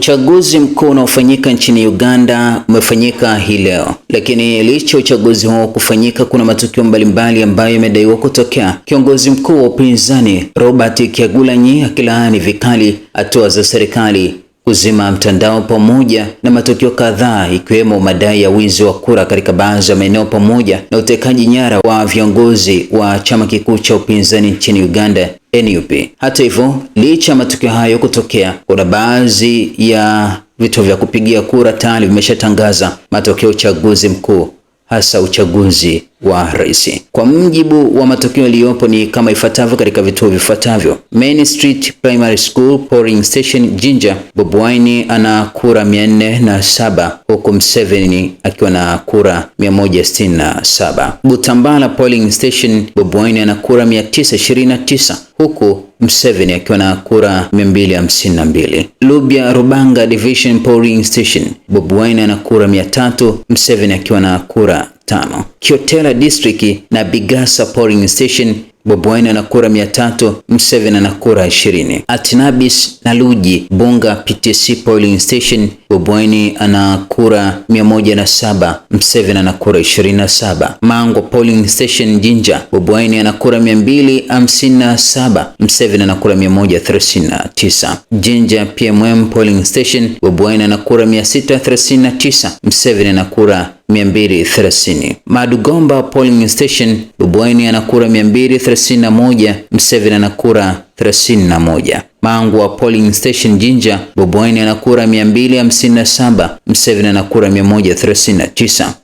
Uchaguzi mkuu unaofanyika nchini Uganda umefanyika hii leo, lakini licha ya uchaguzi huo kufanyika, kuna matukio mbalimbali ambayo yamedaiwa kutokea. Kiongozi mkuu wa upinzani Robert Kyagulanyi akilaani vikali hatua za serikali kuzima mtandao pamoja na matukio kadhaa ikiwemo madai ya wizi wa kura katika baadhi ya maeneo pamoja na utekaji nyara wa viongozi wa chama kikuu cha upinzani nchini Uganda NUP. Hata hivyo, licha ya matukio hayo kutokea, kuna baadhi ya vituo vya kupigia kura tayari vimeshatangaza matokeo ya uchaguzi mkuu hasa uchaguzi wa rais. Kwa mjibu wa matokeo yaliyopo ni kama ifuatavyo katika vituo vifuatavyo: Main Street Primary School polling station Jinja, Bobwaini ana kura 407 huku Mseveni akiwa na kura 167. Butambala polling station, Bobwaini ana kura 929 huku Mseveni akiwa na kura 252. Lubya Rubanga Division Polling Station, Bobi Wine ana kura 300, Mseveni akiwa na kura tano. Kyotera District na Bigasa Polling Station Bobi Wine ana kura 300, Mseveni ana kura 20. Atinabis na Luji Bunga PTC Polling Station Obweni ana kura 107, Mseveni ana kura 27. Mango polling station Jinja, Obweni ana kura 257, Mseveni ana kura 139. Jinja PMM polling station, Obweni ana kura 639, Mseveni ana kura 230. Madugomba polling station, Obweni ana kura 231, Mseveni ana kura 31. Mangu wa polling station Jinja, Boboine ana kura 257, Mseveni ana kura 139.